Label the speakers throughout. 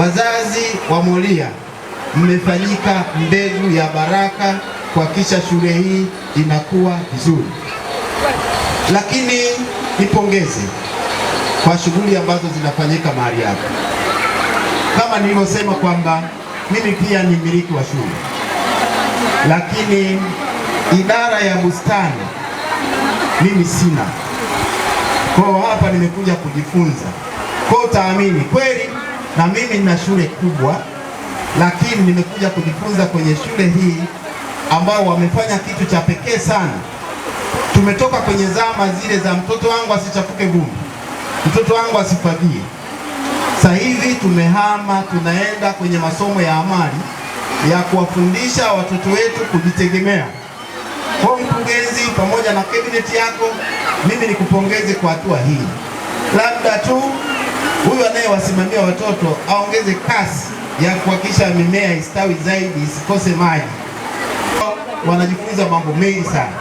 Speaker 1: Wazazi wa Moria, mmefanyika mbegu ya baraka kuhakikisha shule hii inakuwa vizuri, lakini nipongeze kwa shughuli ambazo zinafanyika mahali hapa. Kama nilivyosema kwamba mimi pia ni mmiliki wa shule, lakini idara ya bustani mimi sina. Kwa hapa nimekuja kujifunza, kwa utaamini kweli na mimi nina shule kubwa, lakini nimekuja kujifunza kwenye shule hii ambao wamefanya kitu cha pekee sana. Tumetoka kwenye zama zile za mtoto wangu asichafuke vumbi, mtoto wangu asifagie. Sasa hivi tumehama, tunaenda kwenye masomo ya amali ya kuwafundisha watoto wetu kujitegemea. Kwa mkurugenzi, pamoja na kabineti yako, mimi nikupongeze kwa hatua hii, labda tu wasimamia watoto aongeze kasi ya kuhakikisha mimea istawi zaidi, isikose maji. Wanajifunza mambo mengi sana,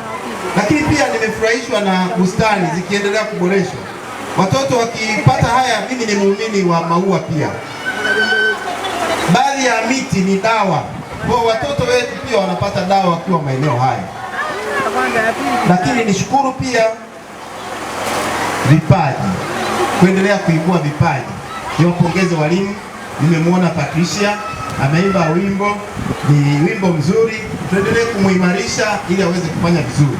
Speaker 1: lakini pia nimefurahishwa na bustani zikiendelea kuboreshwa, watoto wakipata haya. Mimi ni muumini wa maua pia, baadhi ya miti ni dawa kwa watoto wetu, pia wanapata dawa wakiwa maeneo haya. Lakini nishukuru pia vipaji, kuendelea kuibua vipaji niwapongeze walimu. Nimemwona Patricia ameimba wimbo, ni wimbo mzuri, tuendelee kumuimarisha ili aweze kufanya vizuri.